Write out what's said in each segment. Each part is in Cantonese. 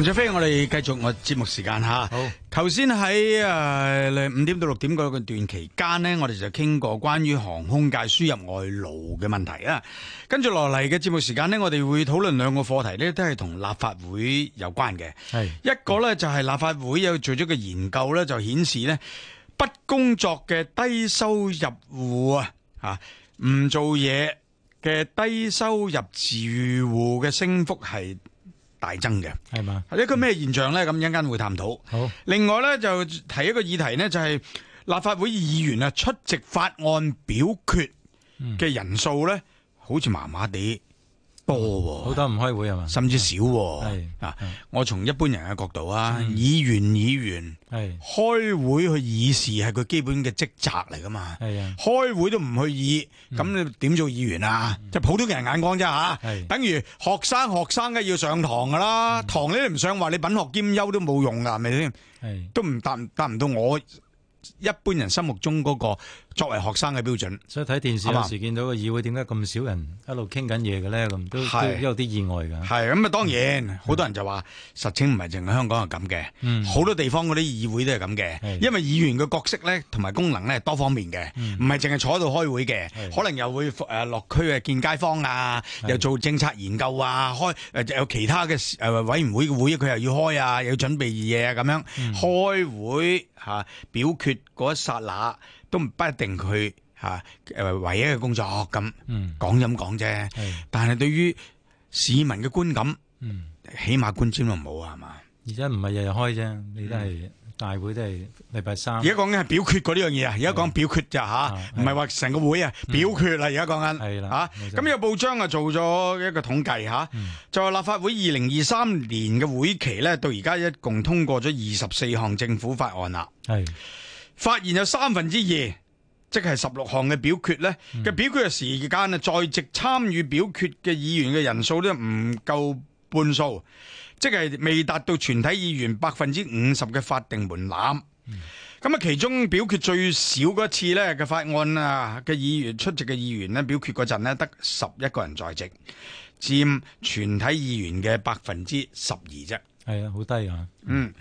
陳卓飛，我哋繼續我節目時間吓。好，頭先喺誒五點到六點嗰個段期間咧，我哋就傾過關於航空界輸入外勞嘅問題啊。跟住落嚟嘅節目時間咧，我哋會討論兩個課題咧，都係同立法會有關嘅。係一個咧就係立法會有做咗個研究咧，就顯示咧不工作嘅低收入戶啊，吓唔做嘢嘅低收入住戶嘅升幅係。大增嘅，係嘛？一個咩現象咧？咁一陣間會探討。好，另外咧就提一個議題呢，就係、是、立法會議員啊出席法案表決嘅人數咧，好似麻麻地。多好、啊、多唔開會係、啊、嘛，甚至少係啊！我從一般人嘅角度啊，議員議員係開會去議事係佢基本嘅職責嚟噶嘛，係啊！開會都唔去議，咁、嗯、你點做議員啊？即、嗯、係、就是、普通人眼光啫吓、啊，等於學生學生梗要上堂噶啦，堂、嗯、你都唔上，話你品學兼優都冇用噶，係咪先？係都唔達達唔到我一般人心目中嗰、那個。作為學生嘅標準，所以睇電視有時見到個議會點解咁少人一路傾緊嘢嘅咧？咁都，都有啲意外㗎。係咁啊！當然，好多人就話實情唔係淨係香港係咁嘅，好、嗯、多地方嗰啲議會都係咁嘅。因為議員嘅角色咧，同埋功能咧，多方面嘅，唔係淨係坐喺度開會嘅，可能又會誒落區嘅見街坊啊，又做政策研究啊，開誒有其他嘅誒委員會嘅會，佢又要開啊，又要準備嘢啊，咁樣、嗯、開會吓、啊、表決嗰一剎那。都不一定佢吓誒，唯一嘅工作咁講咁講啫。但係對於市民嘅觀感，嗯、起碼觀瞻就冇啊嘛。而家唔係日日開啫，你都係大會都係禮拜三、啊。而家講緊係表決過呢樣嘢啊！而家講表決咋吓，唔係話成個會啊、嗯，表決啦！而家講緊係啦吓。咁、啊、有報章啊，做咗一個統計吓，就、嗯、話立法會二零二三年嘅會期咧，到而家一共通過咗二十四項政府法案啦。係。發現有三分之二，即係十六項嘅表決呢嘅、嗯、表決嘅時間啊，在席參與表決嘅議員嘅人數咧唔夠半數，即係未達到全體議員百分之五十嘅法定門檻。咁、嗯、啊，其中表決最少嗰次呢嘅法案啊嘅議員出席嘅議員呢，表決嗰陣咧得十一個人在席，佔全體議員嘅百分之十二啫。係啊，好低啊！嗯，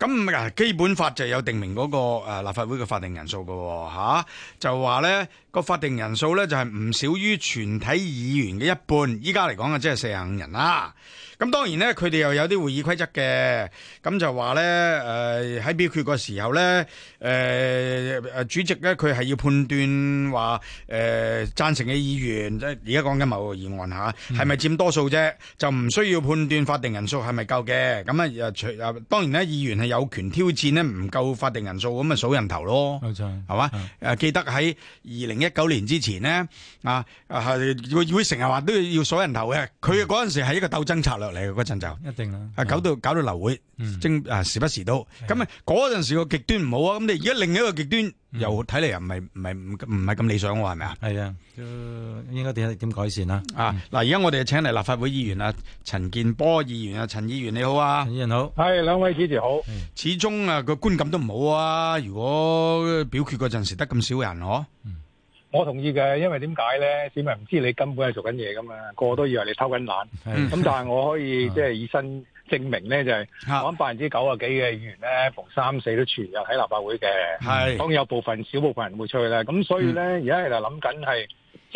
咁啊，基本法就有定明嗰個誒立法會嘅法定人數㗎吓，就話呢。個法定人數咧就係唔少於全體議員嘅一半，依家嚟講啊，即係四十五人啦。咁當然咧，佢哋又有啲會議規則嘅，咁就話咧，誒喺表決嘅時候咧，誒誒主席咧，佢係要判斷話，誒、呃、贊成嘅議員，即係而家講緊某個議案吓，係咪佔多數啫？就唔需要判斷法定人數係咪夠嘅。咁啊，除啊，當然咧，議員係有權挑戰咧，唔夠法定人數咁啊，數人頭咯，冇錯，係嘛？誒，記得喺二零一。一九年之前咧啊，係會會成日話都要要數人頭嘅。佢嗰陣時係一個鬥爭策略嚟嘅，嗰陣就一定啊，搞到搞到流會，政啊時不時都咁啊。嗰陣時個極端唔好啊，咁你而家另一個極端又睇嚟又唔係唔係唔唔係咁理想喎，係咪啊？係啊，應該點點改善啊？啊，嗱，而家我哋請嚟立法會議員啊，陳健波議員啊，陳議員你好啊，陳議員好，係兩位主持好，始終啊個觀感都唔好啊。如果表決嗰陣時得咁少人，嗬？我同意嘅，因為點解咧？市民唔知你根本係做緊嘢㗎嘛，個個都以為你偷緊懶。咁 但係我可以即係以身證明咧，就係、是、講百分之九十幾嘅議員咧，逢三四都全日喺立法會嘅。 當然有部分小部分人會出去啦，咁所以咧，而家係就諗緊係。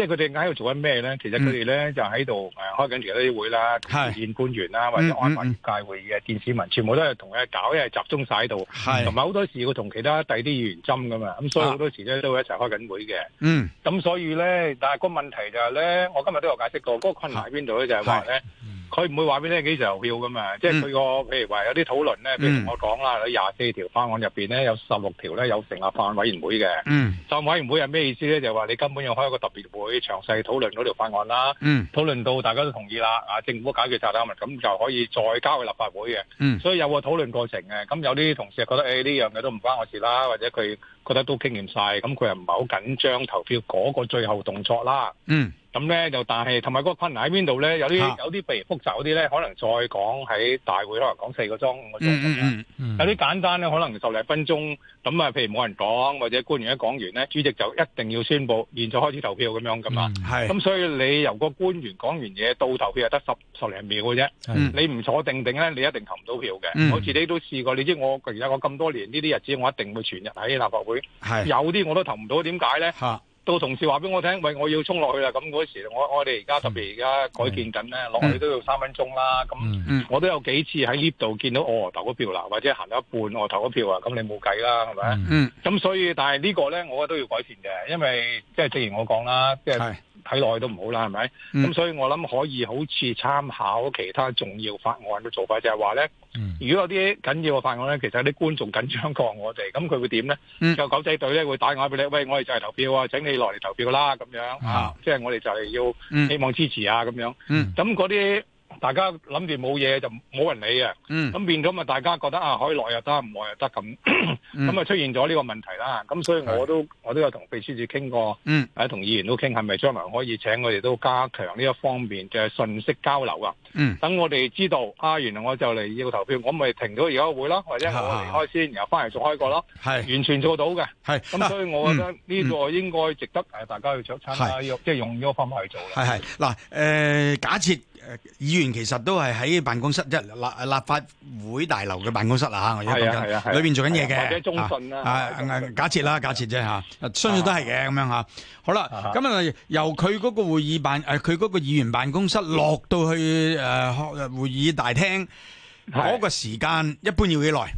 即係佢哋喺度做緊咩咧？其實佢哋咧就喺度誒開緊其他啲會啦，見官員啦，或者安排界會嘅電視民，嗯嗯、全部都係同佢搞，一係集中晒喺度，同埋好多時會同其他第啲議員針噶嘛，咁所以好多時咧、啊、都會一齊開緊會嘅。咁、嗯、所以咧，但係個問題就係咧，我今日都有解釋過，嗰、那個困難喺邊度咧，就係話咧。佢唔會話俾你幾時投票噶嘛？即係佢個譬如話有啲討論咧，譬如，有譬如我講啦，有廿四條法案入面咧有十六條咧有成立法案委員會嘅。嗯，法案委員會係咩意思咧？就係話你根本要開一個特別會，詳細討論嗰條法案啦。嗯，討論到大家都同意啦，啊政府都解決曬啲問題，咁就可以再交去立法會嘅。嗯，所以有個討論過程嘅。咁有啲同事覺得誒呢樣嘢都唔關我事啦，或者佢覺得都傾掂晒，咁佢又唔係好緊張投票嗰個最後動作啦。嗯。咁咧就但係，同埋嗰個困難喺邊度咧？有啲有啲譬如複雜啲咧，可能再講喺大會可能講四個鐘五個鐘、嗯嗯、有啲簡單咧，可能十零分鐘。咁、嗯、啊，譬、嗯、如冇人講，或者官員一講完咧，主席就一定要宣佈現在開始投票咁樣咁嘛。咁、嗯嗯、所以你由個官員講完嘢到投票就得十十零秒嘅啫、嗯。你唔坐定定咧，你一定投唔到票嘅。我自己都試過，你知我而家我咁多年呢啲日子，我一定會全日喺立法會。有啲我都投唔到，點解咧？嗯嗯嗯到同事話俾我聽，喂，我要衝落去啦！咁嗰時，我我哋而家特別而家改建緊咧，落、嗯、去都要三分鐘啦。咁、嗯嗯、我都有幾次喺呢度見到我、哦、投嗰票啦，或者行咗一半我投嗰票啊，咁你冇計啦，係、嗯、咪？咁、嗯、所以，但係呢個咧，我都要改善嘅，因為即係正如我講啦，即係。睇耐都唔好啦，係咪？咁、嗯、所以我諗可以好似參考其他重要法案嘅做法，就係話咧，如果有啲緊要嘅法案咧，其實有啲觀眾緊張過我哋，咁佢會點咧？就、嗯、狗仔隊咧會打電話俾你，喂，我哋就嚟投票啊，請你落嚟投票啦，咁樣啊，嗯、即係我哋就係要希望支持啊，咁樣。咁嗰啲。嗯那那大家諗住冇嘢就冇人理啊，咁變咗咪大家覺得啊可以耐又得，唔耐又得咁，咁咪出現咗呢個問題啦。咁所以我都我都有同秘書處傾過，喺同議員都傾，係咪將來可以請佢哋都加強呢一方面嘅信息交流啊？等我哋知道啊，原來我就嚟要投票，我咪停咗而家會咯，或者我離開先，然後翻嚟再開個咯，完全做到嘅。咁所以，我覺得呢個應該值得誒大家去嘗試下用，即係用呢個方法去做。係係嗱誒，假設。議員其實都係喺辦公室，立立法會大樓嘅辦公室啦，吓我而家講緊，裏邊做緊嘢嘅或者中信啦、啊啊，假設啦，假設啫吓，相信都係嘅咁樣吓。好啦，咁啊由佢嗰個會議辦誒，佢嗰個議員辦公室落到去誒、呃、會議大廳嗰、啊那個時間，一般要幾耐？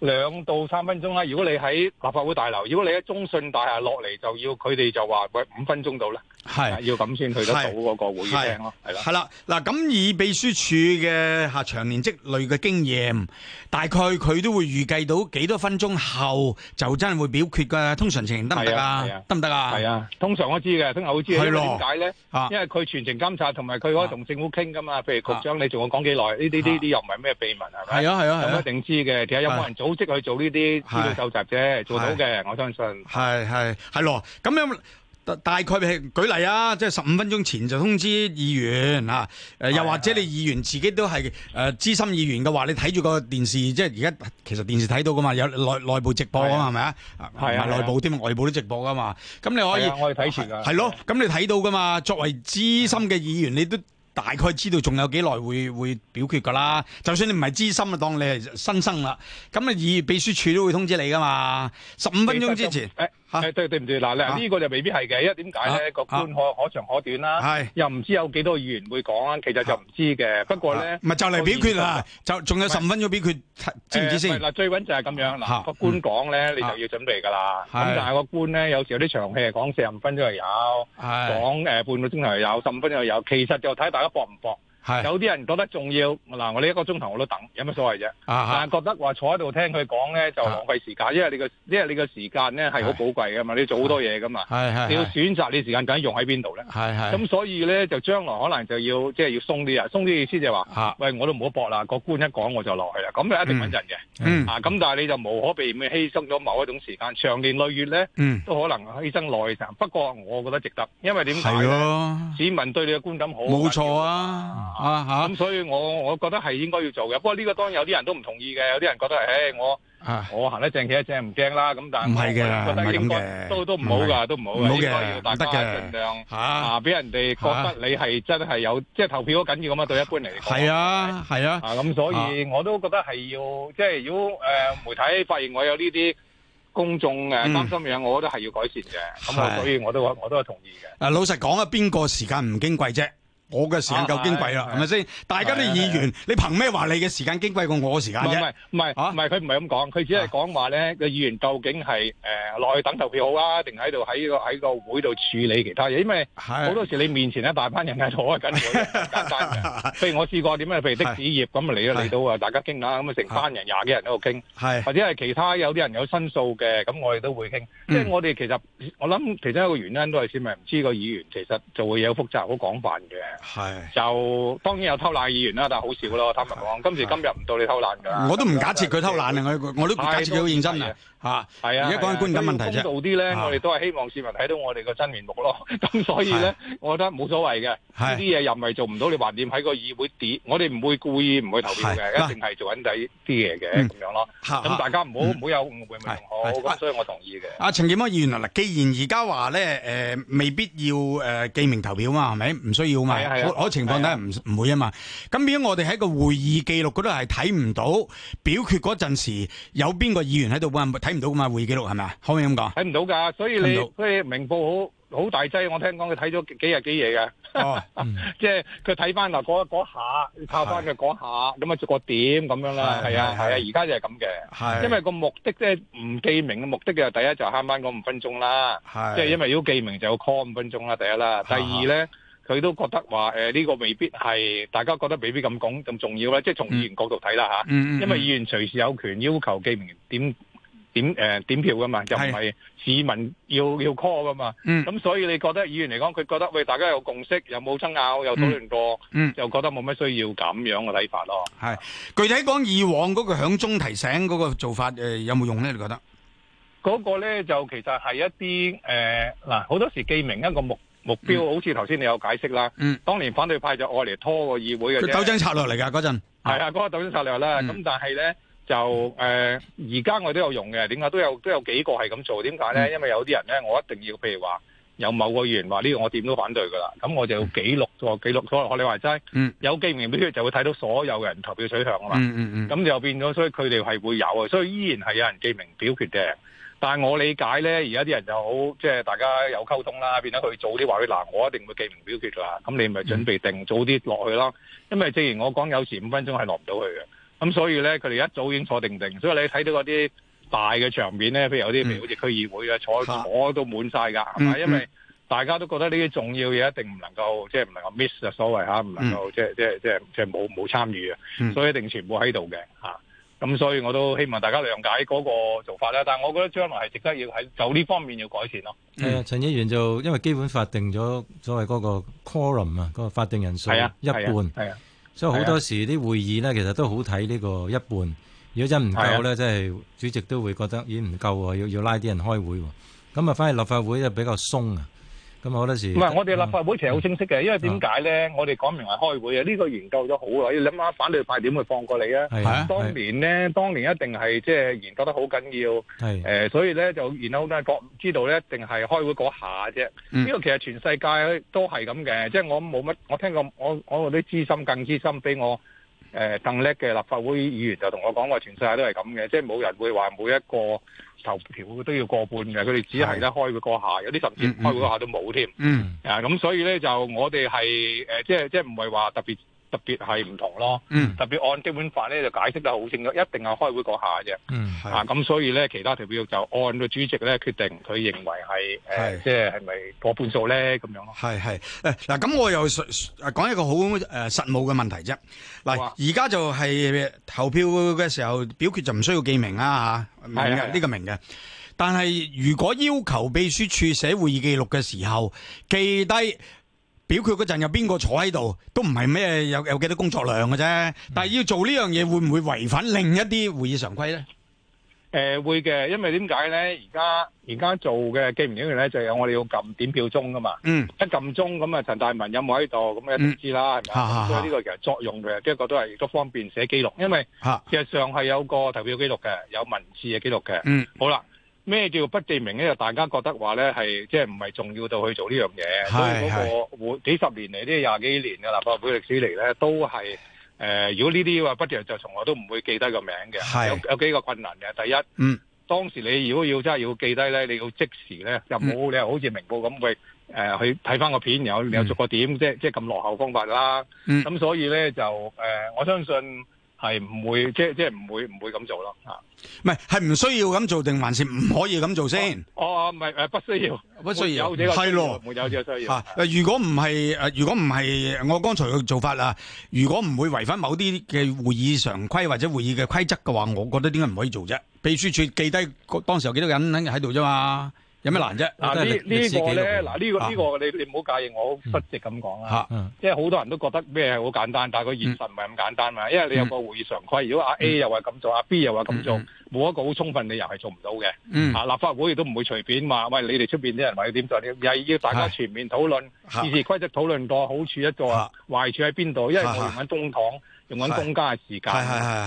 兩到三分鐘啦。如果你喺立法會大樓，如果你喺中信大廈落嚟，就要佢哋就話喂五分鐘到啦。係要咁先去得到嗰個會議廳咯，係啦。係啦，嗱咁以秘書處嘅吓長年積累嘅經驗，大概佢都會預計到幾多分鐘後就真係會表決噶。通常情形，得唔得啊？得唔得啊？係啊，通常我知嘅，聽口知啊。係咯，點解咧？啊，因為佢全程監察，同埋佢可以同政府傾噶嘛。譬如局長，你仲要講幾耐？呢啲啲啲又唔係咩秘密啊？係啊係啊，咁一定知嘅。其實有冇人組織去做呢啲資料收集啫，做到嘅，我相信。係係係咯，咁樣。大概係舉例啊，即係十五分鐘前就通知議員啊。誒，又或者你議員自己都係誒資深議員嘅話，你睇住個電視，即係而家其實電視睇到噶嘛，有內內部直播啊嘛，係咪啊？係啊，係內部添、啊，外部都直播噶嘛。咁你可以我係睇前係咯，咁、啊、你睇到噶嘛？作為資深嘅議員，你都大概知道仲有幾耐會會表決噶啦。就算你唔係資深啊，當你係新生啦。咁啊，議事秘書處都會通知你噶嘛。十五分鐘之前。誒、啊、對對唔住嗱，呢、啊呢個就未必係嘅，因為點解咧？個官可、啊、可長可短啦、啊，又唔知有幾多個議員會講啊，其實就唔知嘅、啊。不過咧，咪、啊、就嚟表決啦，就仲有十五分鐘表決，啊、知唔知先？嗱、啊，最穩就係咁樣嗱，個、啊啊、官講咧，你就要準備㗎啦。咁但係個官咧，有時有啲長氣，講四十五分鐘又有，講、啊呃、半個鐘頭又有，十五分鐘又有，其實就睇大家搏唔搏。有啲人覺得重要嗱，我呢一個鐘頭我都等，有乜所謂啫？但係覺得話坐喺度聽佢講咧，就浪費時間，因為你個因為你個時間咧係好寶貴㗎嘛，是是你要做好多嘢㗎嘛是是是，你要選擇你時間究竟用喺邊度咧？咁所以咧就將來可能就要即係、就是、要鬆啲啊，鬆啲意思就係話，喂，我都唔好搏啦，個官一講我就落去啦，咁就一定穩陣嘅。啊、嗯，咁、嗯、但係你就無可避免犧牲咗某一種時間，長年累月咧、嗯、都可能犧牲耐性。不過我覺得值得，因為點？係咯，市民對你嘅觀感好。冇錯啊。啊吓，咁，所以我我覺得係應該要做嘅。不過呢個當然有啲人都唔同意嘅，有啲人覺得係，唉，我啊，我行得正企得正，唔驚啦。咁但係唔係嘅，唔係嘅，都都唔好噶，都唔好嘅。唔好嘅，唔得嘅。大家盡量吓俾人哋覺得你係真係有，即係投票好緊要咁啊！對一般嚟講係啊，係啊。啊咁，所以我都覺得係要，即係如果誒媒體發現我有呢啲公眾嘅擔心樣，我覺得係要改善嘅。咁啊，所以我都我都係同意嘅。誒，老實講啊，邊個時間唔矜貴啫？我嘅時間夠矜貴啦，係咪先？大家啲議員，你憑咩話你嘅時間矜貴過我嘅時間啫？唔係唔係，唔係啊？唔係佢唔係咁講，佢只係講話咧個議員究竟係誒落去等投票好啊，定喺度喺個喺個會度處理其他嘢？因為好多時你面前一大班人喺度開緊會，時間大嘅。譬如我試過點啊？譬如的士業咁嚟啊嚟到啊，大家傾下咁啊，成班人廿幾人都喺度傾，或者係其他有啲人有申訴嘅，咁我哋都會傾。即係我哋其實我諗其中一個原因都係市民唔知個議員其實做嘢好複雜、好廣泛嘅。係，就當然有偷懶議員啦，但係好少咯。坦白講，今時今日唔到你偷懶噶，我都唔假設佢偷懶啊！我我都唔假設佢好認真啊。吓，係啊，而家講緊觀感問題啫。做啲咧，我哋都係希望市民睇到我哋個真面目咯。咁所以咧，我覺得冇所謂嘅。呢啲嘢又唔係做唔到，你橫掂喺個議會點？我哋唔會故意唔會投票嘅，一定係做緊第啲嘢嘅咁樣咯。咁大家唔好唔好有誤會咪好？咁所以我同意嘅。阿陳健波議員嗱嗱，既然而家話咧，誒，未必要誒記名投票嘛，係咪？唔需要嘛？我情況底唔唔會啊嘛。咁如果我哋喺個會議記錄嗰度係睇唔到表決嗰陣時有邊個議員喺度溫？睇唔到噶嘛？會議記錄係咪啊？可唔可以咁講？睇唔到噶，所以你所以明報好好大劑。我聽講佢睇咗幾日幾夜噶，即係佢睇翻嗱嗰嗰下，抄翻佢嗰下，咁啊逐個點咁樣啦。係啊係啊，而家就係咁嘅，因為個目的即係唔記名嘅目的嘅。第一就慳翻嗰五分鐘啦，即係因為如果記名就要 call 五分鐘啦，第一啦。第二咧，佢都覺得話，誒呢個未必係大家覺得未必咁講咁重要啦。即係從議員角度睇啦吓，因為議員隨時有權要求記名點。點誒、呃、點票噶嘛，就唔係市民要要 call 噶嘛，咁、嗯、所以你覺得議員嚟講，佢覺得喂大家有共識，又有冇爭拗，有討論過、嗯嗯，就覺得冇乜需要咁樣嘅睇法咯、啊。係具體講以往嗰個響鐘提醒嗰個做法誒、呃、有冇用咧？你覺得嗰、那個咧就其實係一啲誒嗱，好、呃、多時記明一個目目標，嗯、好似頭先你有解釋啦、嗯。當年反對派就愛嚟拖個議會嘅。佢鬥爭策略嚟噶嗰陣，係啊，那個鬥爭策略啦。咁、嗯、但係咧。就誒，而、呃、家我也有的都有用嘅，點解都有都有幾個係咁做？點解咧？因為有啲人咧，我一定要譬如話，有某個議員話呢、這個、樣我點都反對噶啦，咁我就要記錄做、嗯哦、記錄，可能我你話齋，有記名表決就會睇到所有人投票取向啊嘛，咁、嗯嗯嗯、就變咗，所以佢哋係會有啊，所以依然係有人記名表決嘅。但係我理解咧，而家啲人就好，即係大家有溝通啦，變得佢早啲話佢嗱、啊，我一定會記名表決啦，咁你咪準備定、嗯、早啲落去咯。因為正如我講，有時五分鐘係落唔到去嘅。咁所以咧，佢哋一早已經坐定定，所以你睇到嗰啲大嘅場面咧，譬如有啲譬如好似區議會啊、嗯，坐坐都滿晒噶，係咪、嗯嗯？因為大家都覺得呢啲重要嘢一定唔能夠，即係唔能夠 miss 啊，所謂吓，唔能夠、嗯、即係即係即係即係冇冇參與啊，所以一定全部喺度嘅嚇。咁、啊、所以我都希望大家諒解嗰個做法咧。但係我覺得將來係值得要喺就呢方面要改善咯。係、嗯、啊、嗯，陳議員就因為基本法定咗所謂嗰個 quorum 啊，嗰個法定人數係啊，一半係啊。所以好多時啲會議咧，其實都好睇呢個一半。如果真唔夠咧，即係主席都會覺得已唔夠喎，要要拉啲人開會喎。咁啊，返去立法會就比較鬆啊。咁好多時唔係，我哋立法會其實好清晰嘅、嗯，因為點解咧？我哋講明係開會啊！呢、呢個研究咗好耐，要諗下反對派點會放過你呢啊？係當年咧、啊啊，當年一定係即係研究得好緊要、啊呃，所以咧就然後咧覺知道咧，一定係開會嗰下啫。呢、嗯、個其實全世界都係咁嘅，即、就、係、是、我冇乜，我聽過我我嗰啲資深更資深俾我。誒鄧叻嘅立法會議員就同我講話，全世界都係咁嘅，即係冇人會話每一個投票都要過半嘅，佢哋只係咧開會過下，有啲甚至開會過下都冇添、嗯嗯。嗯，啊咁所以咧就我哋係誒即係即係唔係話特別特別係唔同咯，特別按基本法咧就解釋得好清楚，一定係開會講下啫。嗯，係啊，咁所以咧，其他投票就按個主席咧決定，佢認為係誒，即係係咪過半數咧咁樣咯。係係誒嗱，咁我又講一個好誒實務嘅問題啫。嗱，而家就係投票嘅時候，表決就唔需要記名啦嚇，係啊，呢個明嘅。但係如果要求秘書處寫會議記錄嘅時候，記低。表決嗰陣有邊個坐喺度，都唔係咩有有幾多工作量嘅啫。但係要做呢樣嘢，會唔會違反另一啲會議常規咧？誒，會嘅，因為點解咧？而家而家做嘅記唔記住咧，就係我哋要撳點票鐘噶嘛。嗯。一撳鐘咁啊，陳大文有冇喺度？咁啊，都知啦，係咪？所以呢個其實作用嘅呢個都係都方便寫記錄，因為其實上係有個投票記錄嘅，有文字嘅記錄嘅。嗯。好啦。咩叫不記名咧？大家覺得話咧係即係唔係重要到去做呢樣嘢？所以嗰個會幾十年嚟，呢廿幾年嘅立法會歷史嚟咧，都係誒、呃。如果呢啲話不記名就從來都唔會記低個名嘅，有有幾個困難嘅。第一、嗯，當時你如果要真係要記低咧，你要即時咧，又冇、嗯、你好似明報咁、呃、去誒去睇翻個片，然後然後逐個點，嗯、即係即係咁落後方法啦。咁、嗯、所以咧就誒、呃，我相信。係唔會即係即係唔會唔會咁做咯吓，唔係，係唔需要咁做定還是唔可以咁做先？哦，唔係誒，不需要，不需要，有係咯，冇有呢個需要吓。誒，如果唔係誒，如果唔係我剛才嘅做法啦，如果唔會違反某啲嘅會議常規或者會議嘅規則嘅話，我覺得點解唔可以做啫？秘書處記低當時有幾多人喺喺度啫嘛。有咩難啫？嗱呢呢個咧，嗱呢、這個呢、啊這個，這個、你、啊、你唔好介意我、嗯，我失職咁講啦。吓、啊，即係好多人都覺得咩係好簡單，但係個現實唔係咁簡單嘛、嗯。因為你有個會議常規，如果阿 A 又話咁做，阿、嗯啊、B 又話咁做，冇、嗯、一個好充分理由係做唔到嘅、嗯。啊立法會亦都唔會隨便話喂，你哋出邊啲人話要點做，又要大家全面討論議事、啊啊、規則，討論個好處一個，啊啊、壞處喺邊度？因為我哋喺中堂。啊啊用緊公家嘅時間，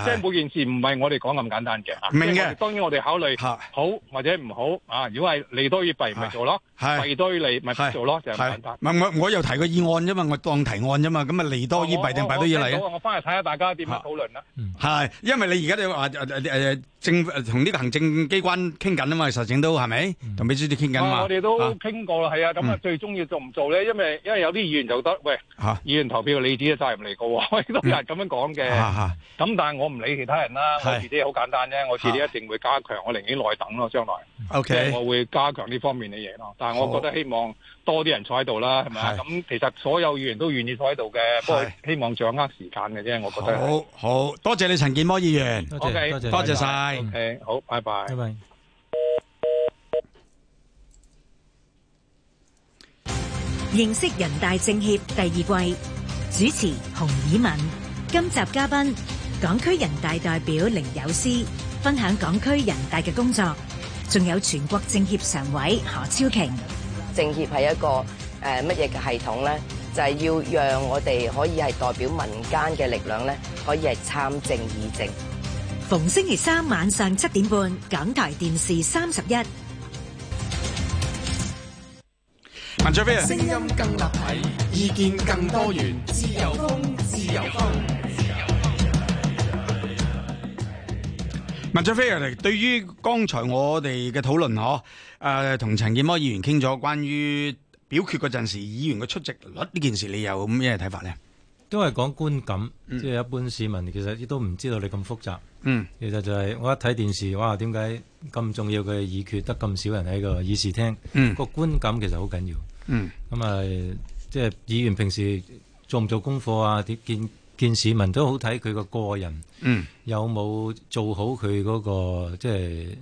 即係每件事唔係我哋講咁簡單嘅。明嘅、啊，當然我哋考慮好或者唔好啊。如果係利，利，利，利多於弊，咪做咯；係弊多於利，咪唔做咯。就係問題。我我又提個議案啫嘛，我當提案啫嘛。咁啊利多於弊定弊多於利？我翻嚟睇下大家點樣討論啦。係、嗯，因為你而家都要話誒誒政同呢個行政機關傾緊啊嘛，實情都係咪同秘書處傾緊啊？我哋都傾過啦，係啊。咁、嗯、啊，最終要做唔做咧？因為因為有啲議員就得喂、啊，議員投票你自己責任嚟個喎，有人咁樣講講嘅咁，啊、但係我唔理其他人啦。我自己好簡單啫，我自己一定會加強，我寧願耐等咯。將來，O、okay, K，我會加強呢方面嘅嘢咯。但係我覺得希望多啲人坐喺度啦，係咪咁其實所有議員都願意坐喺度嘅，不過希望掌握時間嘅啫。我覺得好好，多謝,謝你陳健波議員，多謝 okay, 多謝晒。誒，okay, 好，拜拜。認識人大政協第二季主持洪以敏。今集嘉賓，港區人大代表凌友詩分享港區人大嘅工作，仲有全國政協常委何超瓊。政協係一個誒乜嘢嘅系統咧？就係要讓我哋可以係代表民間嘅力量咧，可以係參政議政。逢星期三晚上七點半，港台電視三十一。文卓飛，聲音更立體，意見更多元，自由風，自由風。麥俊飛嚟，對於剛才我哋嘅討論嗬，誒、呃，同陳健波議員傾咗關於表決嗰陣時，議員嘅出席率呢件事，你有咩睇法咧？都係講觀感，即、嗯、係、就是、一般市民其實亦都唔知道你咁複雜。嗯，其實就係我一睇電視，哇，點解咁重要嘅議決得咁少人喺個議事廳？嗯，個觀感其實好緊要。嗯，咁啊，即係議員平時做唔做功課啊？點見。見市民都好睇佢個個人，有冇做好佢嗰、那個、嗯、即係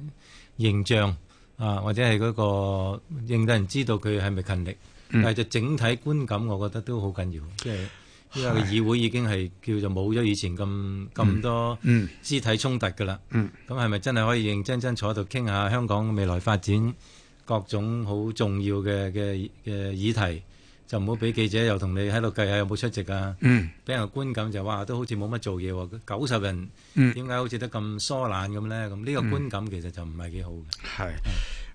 形象啊，或者係嗰、那個令到人知道佢係咪勤力？嗯、但係就整體觀感，我覺得都好緊要。嗯、即係因為個議會已經係叫做冇咗以前咁咁、嗯、多肢體衝突㗎啦。咁係咪真係可以認真真坐喺度傾下香港未來發展各種好重要嘅嘅嘅議題？就唔好俾記者又同你喺度計下有冇出席啊？嗯，俾人個觀感就話都好似冇乜做嘢喎，九十人點解好似得咁疏懶咁咧？咁呢個觀感其實就唔係幾好嘅。係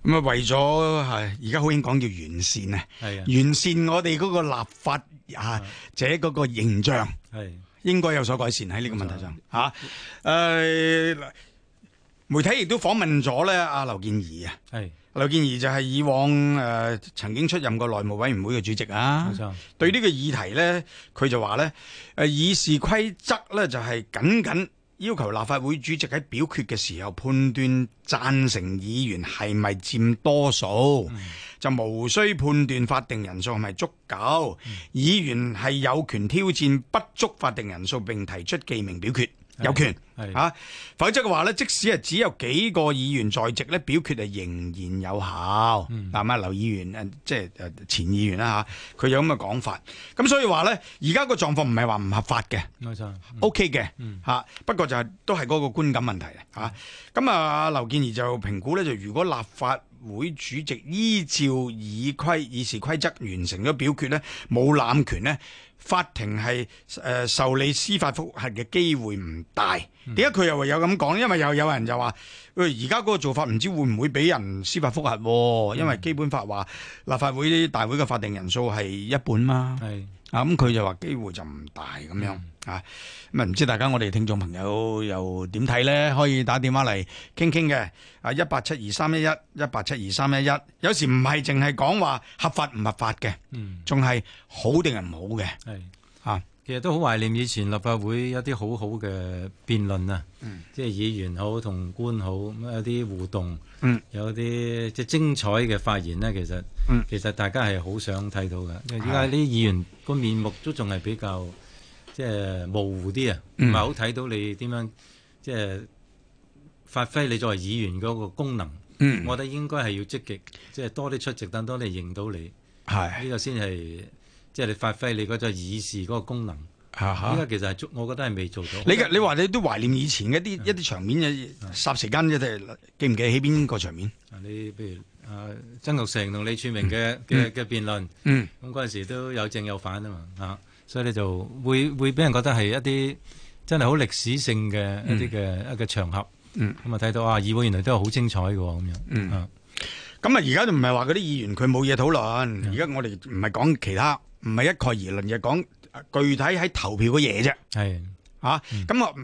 咁啊，為咗係而家好興講叫完善啊，完善我哋嗰個立法者嗰個形象係應該有所改善喺呢個問題上嚇。誒媒體亦都訪問咗咧阿劉健儀啊，係。劉健儀就係以往誒、呃、曾經出任過內務委員會嘅主席啊、嗯嗯，對呢個議題呢佢就話呢誒、議、呃、事規則咧就係僅僅要求立法會主席喺表決嘅時候判斷贊成議員係咪占多數、嗯，就無需判斷法定人數係咪足夠、嗯，議員係有權挑戰不足法定人數並提出記名表決。有權嚇，否則嘅話咧，即使係只有幾個議員在席咧，表決係仍然有效。嗱、嗯，阿劉議員誒，即係前議員啦嚇，佢有咁嘅講法。咁所以話咧，而家個狀況唔係話唔合法嘅，冇錯、嗯，OK 嘅嚇。不過就係都係嗰個觀感問題啊。咁啊，劉健儀就評估咧，就如果立法。會主席依照議規，議事規則完成咗表決呢，冇濫權呢，法庭係誒、呃、受理司法復核嘅機會唔大。點解佢又話有咁講？因為又有人就話，而家嗰個做法唔知會唔會俾人司法復核、啊嗯？因為基本法話立法會大會嘅法定人數係一半嘛。啊咁佢就話機會就唔大咁樣啊，咁啊唔知大家我哋聽眾朋友又點睇呢？可以打電話嚟傾傾嘅，係一八七二三一一一八七二三一一。1872311, 1872311, 有時唔係淨係講話合法唔合法嘅，嗯，仲係好定係唔好嘅，係啊。其實都好懷念以前立法會有一啲好好嘅辯論啊，即係議員好同官好咁有啲互動嗯、有啲即係精彩嘅發言呢。其實、嗯、其實大家係好想睇到嘅。依家啲議員個面目都仲係比較即係模糊啲啊，唔係好睇到你點樣即係發揮你作為議員嗰個功能、嗯。我覺得應該係要積極，即係多啲出席，等多啲認到你。係、嗯、呢、呢個先係。即係你發揮你嗰隻議事嗰個功能，嚇、啊、嚇，依家其實係捉，我覺得係未做到。你嘅你話你都懷念以前一啲、嗯、一啲場面嘅霎時間嘅，記唔記起邊個場面？你譬如啊，曾玉成同李柱明嘅嘅嘅辯論，咁嗰陣時候都有正有反啊嘛，嚇、啊，所以你就會會俾人覺得係一啲真係好歷史性嘅一啲嘅、嗯、一個場合，咁、嗯、啊睇到啊議會原來都係好精彩嘅喎，咁樣，咁、嗯、啊而家就唔係話嗰啲議員佢冇嘢討論，而、嗯、家我哋唔係講其他。唔係一概而論就講具體喺投票嘅嘢啫。係咁我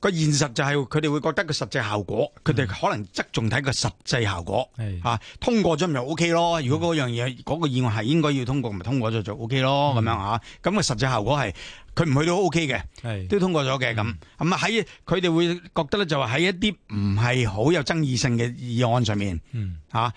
個現實就係佢哋會覺得個實際效果，佢、嗯、哋可能側重睇個實際效果。係、啊、通過咗咪 O K 咯。如果嗰樣嘢嗰個議案係應該要通過，咪通過咗就 O、OK、K 咯。咁、嗯、樣咁個實際效果係佢唔去都 O K 嘅，係都通過咗嘅咁。咁啊喺佢哋會覺得咧，就話喺一啲唔係好有爭議性嘅議案上面，嗯咁、啊、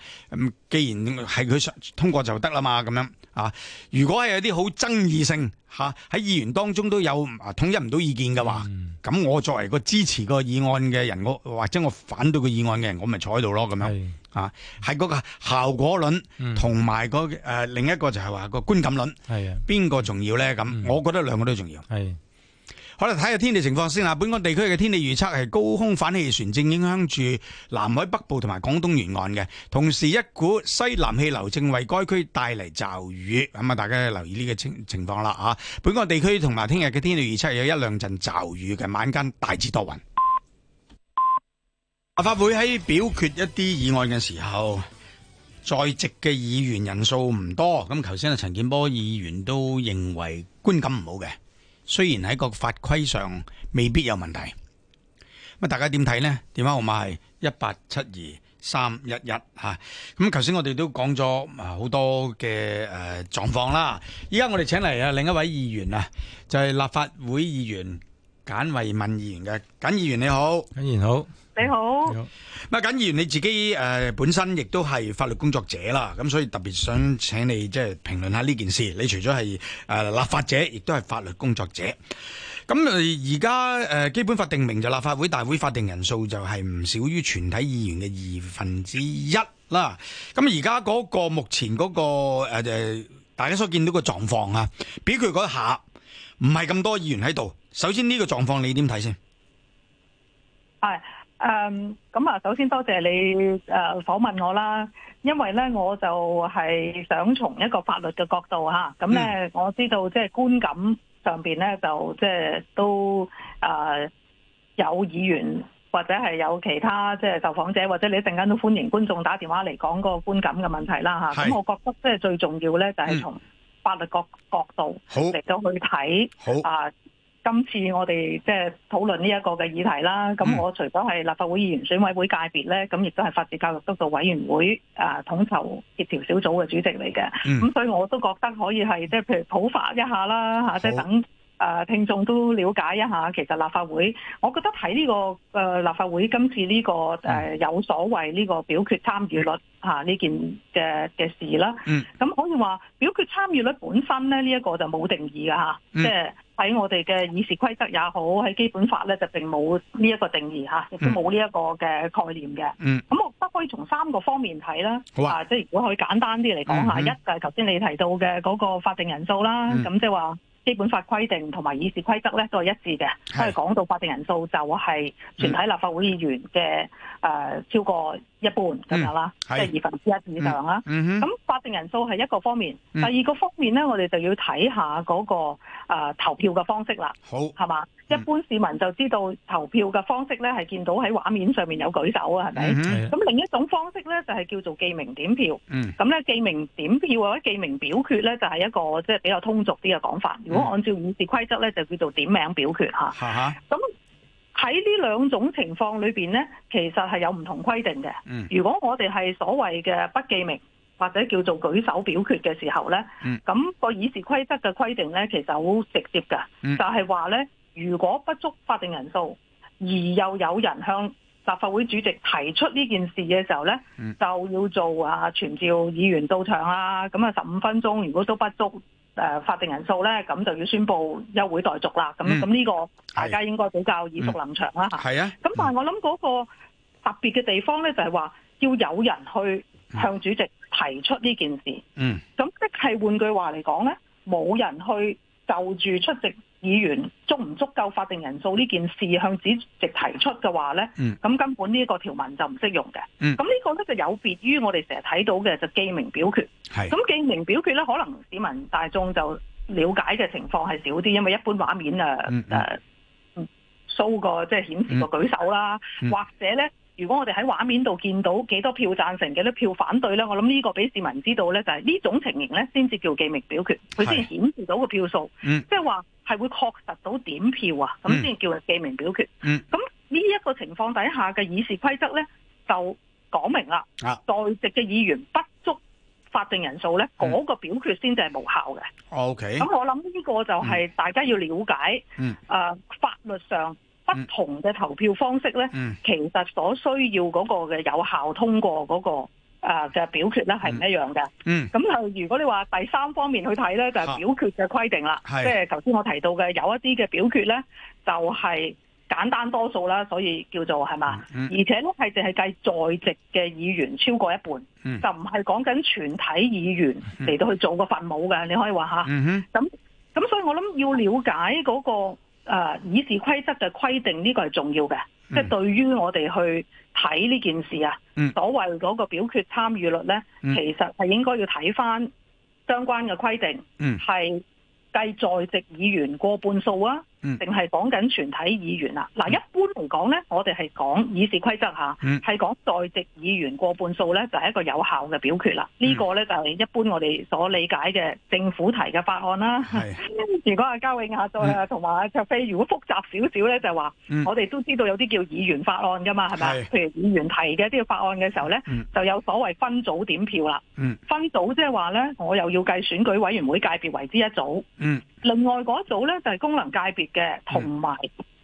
既然係佢通過就得啦嘛，咁樣。啊！如果係有啲好爭議性吓，喺、啊、議員當中都有、啊、統一唔到意見嘅話，咁、嗯、我作為個支持個議案嘅人，我或者我反對個議案嘅人，我咪坐喺度咯，咁樣啊，係嗰、啊、個效果論，同埋嗰誒另一個就係話個觀感論，係啊，邊個重要咧？咁我覺得兩個都重要。嗯好啦，睇下天氣情況先啦。本港地區嘅天氣預測，係高空反氣旋正影響住南海北部同埋廣東沿岸嘅，同時一股西南氣流正為該區帶嚟驟雨，咁啊，大家留意呢個情情況啦啊！本港地區同埋聽日嘅天氣預測，有一兩陣驟雨，嘅晚間大致多雲。立 法會喺表決一啲議案嘅時候，在席嘅議員人數唔多，咁頭先啊陳健波議員都認為觀感唔好嘅。雖然喺個法規上未必有問題，咁大家點睇呢？電話號碼係一八七二三一一吓，咁頭先我哋都講咗好多嘅誒狀況啦。依家我哋請嚟啊另一位議員啊，就係、是、立法會議員簡慧敏議員嘅簡議員你好，簡議員好。你好。咁啊，簡議員你自己誒、呃、本身亦都係法律工作者啦，咁所以特別想請你即係評論下呢件事。你除咗係誒立法者，亦都係法律工作者。咁誒而家誒基本法訂明，就立法會大會法定人數就係唔少於全體議員嘅二分之一啦。咁而家嗰個目前嗰、嗰個誒、呃，大家所見到嘅狀況啊，譬如講下，唔係咁多議員喺度。首先呢個狀況你點睇先？係。誒，咁啊，首先多謝，謝你誒訪、呃、問我啦，因為咧我就係想從一個法律嘅角度吓，咁、啊、咧、嗯、我知道即係觀感上面咧就即、就、係、是、都誒、呃、有議員或者係有其他即係受訪者，或者你一陣間都歡迎觀眾打電話嚟講個觀感嘅問題啦吓。咁、啊、我覺得即係最重要咧就係、是、從法律角角度嚟、嗯、到去睇好啊。好今次我哋即係討論呢一個嘅議題啦，咁我除咗係立法會議員、選委會界別咧，咁亦都係法治教育督導委員會誒統籌協調小組嘅主席嚟嘅，咁、嗯、所以我都覺得可以係即係譬如普法一下啦吓即係等。誒聽眾都了解一下，其實立法會，我覺得睇呢、這個誒、呃、立法會今次呢、這個誒、呃、有所謂呢個表決參與率嚇呢、啊、件嘅嘅事啦。嗯，咁可以話表決參與率本身咧呢一、這個就冇定義㗎。嚇、嗯，即係喺我哋嘅議事規則也好，喺基本法咧就並冇呢一個定義嚇，亦都冇呢一個嘅概念嘅。嗯，咁、嗯、我覺得可以從三個方面睇啦。好啊，啊即係如果可以簡單啲嚟講下，一就係頭先你提到嘅嗰個法定人數啦。咁即係話。基本法規定同埋議事規則咧都係一致嘅，都係講到法定人數就係全體立法會議員嘅。誒超過一半咁樣啦，即、嗯、係、就是、二分之一以上啦。咁、嗯、法定人數係一個方面、嗯，第二個方面呢，我哋就要睇下嗰、那個、呃、投票嘅方式啦。好，係嘛、嗯？一般市民就知道投票嘅方式呢，係見到喺畫面上面有舉手啊，係咪？咁、嗯、另一種方式呢，就係、是、叫做記名點票。咁、嗯、呢，記名點票或者記名表決呢，就係、是、一個即係比較通俗啲嘅講法、嗯。如果按照議事規則呢，就叫做點名表決咁。哈哈。喺呢兩種情況裏邊呢，其實，係有唔同規定嘅。如果我哋係所謂嘅不記名或者叫做舉手表決嘅時候呢，咁、嗯，個議事規則嘅規定呢，其實好直接嘅、嗯，就係、是、話呢，如果不足法定人數，而又有人向立法會主席提出呢件事嘅時候呢、嗯，就要做啊傳召議員到場啊，咁啊十五分鐘，如果都不足。誒、呃、法定人數咧，咁就要宣布休會待續啦。咁咁呢個大家應該比較耳熟能詳啦。係、嗯、啊。咁但係我諗嗰個特別嘅地方咧，就係、是、話要有人去向主席提出呢件事。嗯。咁即係換句話嚟講咧，冇人去就住出席。議員足唔足夠法定人數呢件事向主席提出嘅話呢，咁、嗯、根本呢個條文就唔適用嘅。咁、嗯、呢個呢，就有別於我哋成日睇到嘅就記名表決。咁記名表決呢，可能市民大眾就了解嘅情況係少啲，因為一般畫面啊，誒 show 個即係顯示個舉手啦、嗯嗯，或者呢。如果我哋喺畫面度見到幾多票贊成，幾多票反對呢，我諗呢個俾市民知道呢，就係、是、呢種情形呢先至叫記名表決，佢先顯示到個票數，即係話係會確實到點票啊，咁、嗯、先叫記名表決。咁呢一個情況底下嘅議事規則呢，就講明啦、啊，在席嘅議員不足法定人數呢，嗰、嗯那個表決先至係無效嘅。OK，咁我諗呢個就係大家要了解，誒、嗯呃、法律上。嗯、不同嘅投票方式咧、嗯，其實所需要嗰個嘅有效通過嗰、那個啊嘅、呃、表決咧，係唔一樣嘅。咁、嗯、佢、嗯、如果你話第三方面去睇咧，就係、是、表決嘅規定啦。即係頭先我提到嘅有一啲嘅表決咧，就係、是、簡單多數啦，所以叫做係嘛、嗯嗯，而且係淨係計在席嘅議員超過一半，嗯、就唔係講緊全體議員嚟到去做個分母嘅。你可以話吓，咁咁、嗯、所以我諗要了解嗰、那個。誒議事規則嘅規定呢個係重要嘅，即、嗯、係、就是、對於我哋去睇呢件事呀、啊嗯，所謂嗰個表決參與率呢，嗯、其實係應該要睇返相關嘅規定，係、嗯、計在席議員過半數啊。定係講緊全體議員啦，嗱、嗯、一般嚟講咧，我哋係講議事規則嚇，係講在席議員過半數咧就係一個有效嘅表決啦。呢、嗯這個咧就係一般我哋所理解嘅政府提嘅法案啦。是 如果阿交永亞在啊同埋阿卓飛，如果複雜少少咧，就、嗯、話我哋都知道有啲叫議員法案噶嘛，係咪？譬如議員提嘅啲法案嘅時候咧、嗯，就有所謂分組點票啦、嗯，分組即係話咧，我又要計選舉委員會界別為之一組。嗯另外嗰組咧就係、是、功能界別嘅，同埋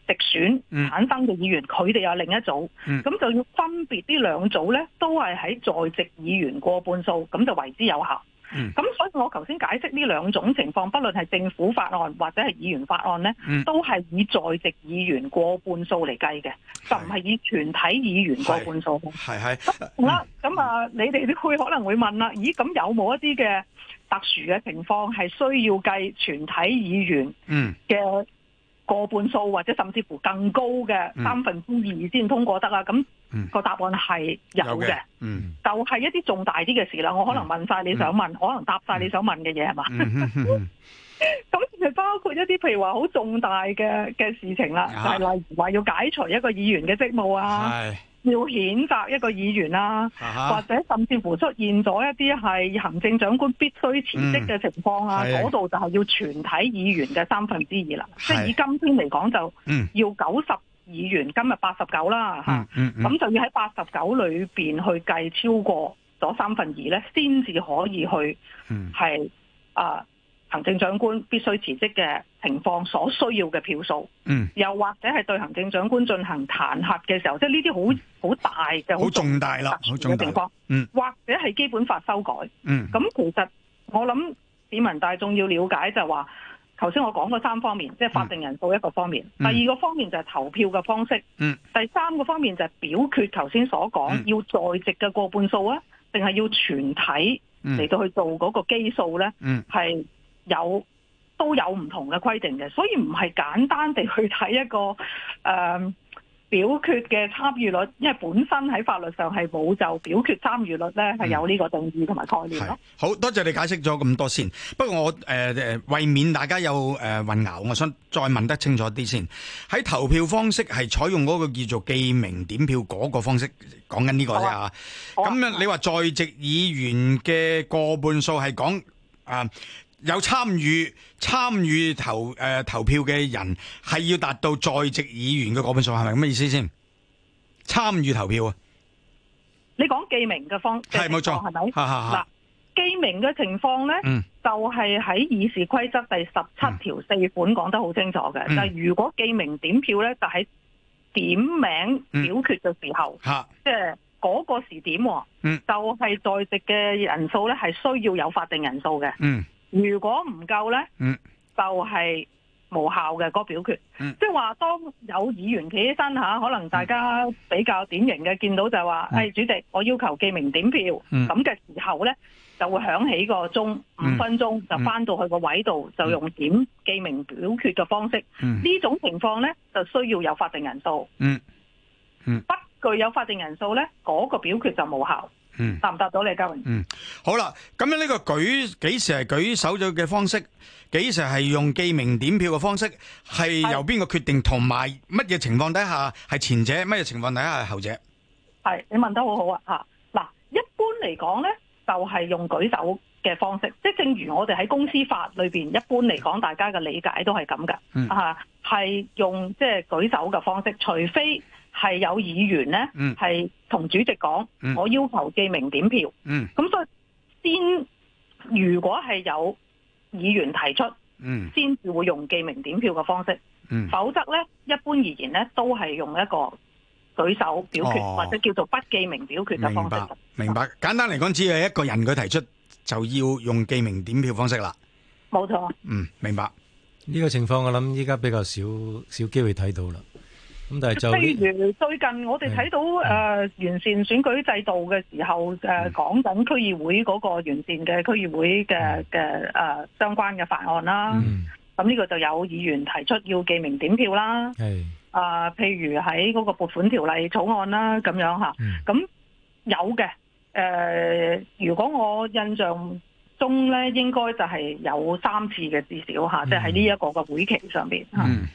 直選產生嘅議員，佢哋有另一組，咁、嗯、就要分別呢兩組咧，都係喺在，在席議員過半數，咁就為之有效。咁、嗯、所以我頭先解釋呢兩種情況，不論係政府法案或者係議員法案咧、嗯，都係以在席議員過半數嚟計嘅，就唔係以全體議員過半數。係，係好啦，咁啊、嗯嗯，你哋都會可能會問啦，咦？咁有冇一啲嘅？特殊嘅情況係需要計全體議員嘅過半數，或者甚至乎更高嘅三分之二先通過得啦！咁、那個答案係有嘅、嗯，就係、是、一啲重大啲嘅事啦。我可能問晒你想問，嗯嗯、可能答晒你想問嘅嘢係嘛？咁、嗯、 就包括一啲譬如話好重大嘅嘅事情啦，就係、是、例如話要解除一個議員嘅職務啊。哎要譴責一個議員啦、啊啊，或者甚至乎出現咗一啲係行政長官必須辭職嘅情況啊，嗰、嗯、度就係要全體議員嘅三分之二啦。即係以今天嚟講，就要九十議員，嗯、今日八十九啦，吓、嗯，咁、嗯、就要喺八十九裏邊去計超過咗三分二呢，先至可以去係、嗯、啊。行政長官必須辭職嘅情況所需要嘅票數，嗯，又或者係對行政長官進行彈劾嘅時候，嗯、即係呢啲好好大嘅好重大啦，好重大嘅情況，嗯，或者係基本法修改，嗯，咁其實我諗市民大眾要了解就係話，頭先我講嘅三方面，即係法定人數一個方面，嗯、第二個方面就係投票嘅方式，嗯，第三個方面就係表決，頭先所講要在席嘅過半數啊，定係要全體嚟到去做嗰個基數咧，嗯，係。有都有唔同嘅規定嘅，所以唔係簡單地去睇一個誒、呃、表決嘅參與率，因為本身喺法律上係冇就表決參與率咧，係有呢個定義同埋概念咯、嗯。好多謝、謝你解釋咗咁多先。不過我誒誒、呃、為免大家有誒、呃、混淆，我想再問得清楚啲先。喺投票方式係採用嗰個叫做記名點票嗰個方式，講緊呢個啫啊。咁樣、啊、你話在席議員嘅過半數係講啊？呃有參與參與投誒、呃、投票嘅人係要達到在席議員嘅過半數，係咪咁嘅意思先？參與投票啊！你講記名嘅方係冇錯，係咪？嗱， 記名嘅情況咧、嗯，就係、是、喺議事規則第十七條四款、嗯、講得好清楚嘅。但、嗯、係、就是、如果記名點票咧，就喺、是、點名表決嘅時候，嗯、即係嗰個時點，嗯、就係、是、在席嘅人數咧，係需要有法定人數嘅。嗯。如果唔夠呢，嗯、就係、是、無效嘅嗰、那個表決，即係話當有議員企起身吓，可能大家比較典型嘅見到就話，誒、嗯哎、主席，我要求記名點票，咁、嗯、嘅時候呢，就會響起個鐘，五、嗯、分鐘就翻到去個位度、嗯，就用點記名表決嘅方式。呢、嗯、種情況呢，就需要有法定人數、嗯，嗯，不具有法定人數呢，嗰、那個表決就無效。嗯，答唔答到你，嘉榮，嗯，好啦，咁樣呢個舉幾時係舉手咗嘅方式，幾時係用記名點票嘅方式，係由邊個決定？同埋乜嘢情況底下係前者，乜嘢情況底下係後者？係，你問得好好啊吓。嗱、啊，一般嚟講咧，就係、是、用舉手嘅方式，即係正如我哋喺公司法裏邊一般嚟講，大家嘅理解都係咁噶係係用即係、就是、舉手嘅方式，除非。係有議員咧，係同主席講，我要求記名點票。咁所以先，如果係有議員提出，先至會用記名點票嘅方式。否則咧，一般而言咧，都係用一個舉手表決或者叫做不記名表決嘅方式。明白，明白。簡單嚟講，只係一個人佢提出，就要用記名點票方式啦。冇錯。嗯，明白。呢個情況我諗依家比較少少機會睇到啦。譬如最近我哋睇到誒、呃、完善選舉制度嘅時候，誒講緊區議會嗰個完善嘅區議會嘅嘅誒相關嘅法案啦。咁、嗯、呢個就有議員提出要記名點票啦。誒，譬、呃、如喺嗰個撥款條例草案啦咁樣嚇。咁、嗯、有嘅誒、呃，如果我印象中咧，應該就係有三次嘅至少嚇，即係喺呢一個嘅會期上邊。嗯嗯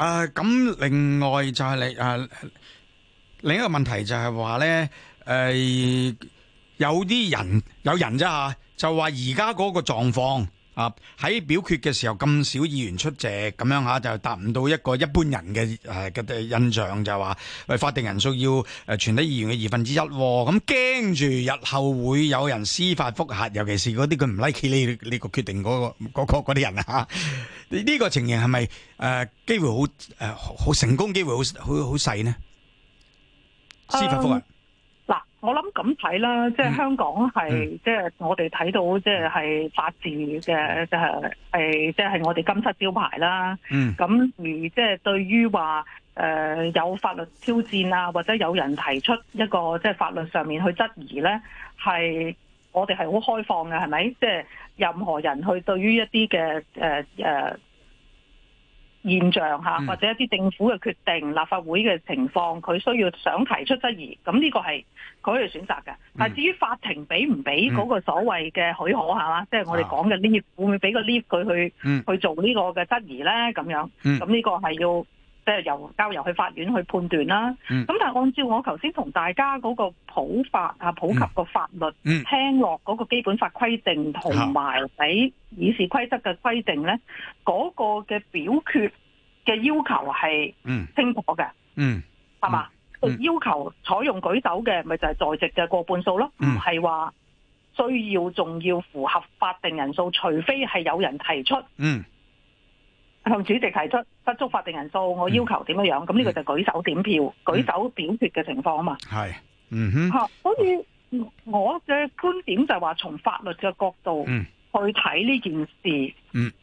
啊、呃，咁另外就係、是、你、呃、另一個問題就係話咧，誒、呃，有啲人有人啫吓，就話而家嗰個狀況啊，喺表決嘅時候咁少議員出席咁樣吓、啊，就達唔到一個一般人嘅誒嘅印象就，就話誒法定人數要誒全體議員嘅二分之一，咁驚住日後會有人司法複核，尤其是嗰啲佢唔 like 你你個決定嗰、嗰個嗰、嗰個啲、嗰個、人啊。呢、這個情形係咪誒機會好誒好成功機會好好好細呢？Um, 司法覆核嗱，我諗咁睇啦，即、就、係、是、香港係即係我哋睇到即係係法治嘅、就是，就係係即係我哋金字招牌啦。咁如即係對於話誒有法律挑戰啊，或者有人提出一個即係法律上面去質疑咧，係我哋係好開放嘅，係咪？即、就、係、是。任何人去對於一啲嘅誒誒現象吓，或者一啲政府嘅決定、立法會嘅情況，佢需要想提出質疑，咁呢個係佢嘅選擇嘅。但係至於法庭俾唔俾嗰個所謂嘅許可吓啦，嗯，即係我哋講嘅呢，會唔會俾個 leave 佢去去做呢個嘅質疑咧？咁樣，咁呢個係要。即係由交由去法院去判斷啦。咁、嗯、但係按照我頭先同大家嗰個普法啊、普及個法律、嗯嗯、聽落嗰個基本法規定同埋喺議事規則嘅規定呢，嗰、嗰個嘅表決嘅要求係清楚嘅。嗯，係嘛、嗯嗯？要求採用舉手嘅，咪就係、係、在席嘅過半數咯，唔係話需要仲要符合法定人數，除非係有人提出。嗯。向主席提出不足法定人數，我要求點樣樣？咁、嗯、呢個就舉手點票、嗯、舉手表決嘅情況啊嘛。係，嗯哼，吓，所以我嘅觀點就話，從法律嘅角度去睇呢件事，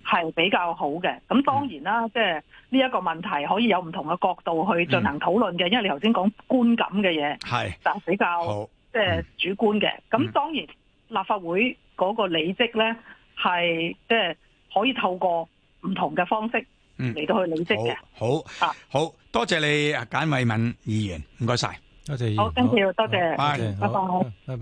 係比較好嘅。咁、嗯、當然啦、嗯，即係呢一個問題可以有唔同嘅角度去進行討論嘅，因為你頭先講觀感嘅嘢係就比較即係主觀嘅。咁、嗯、當然立法會嗰個理職咧係即係可以透過。唔同嘅方式嚟到去履職嘅，好，好啊，好多謝你簡慧敏議員，唔該晒，多謝好，跟住又多謝，多謝，多謝拜拜，拜拜，拜拜。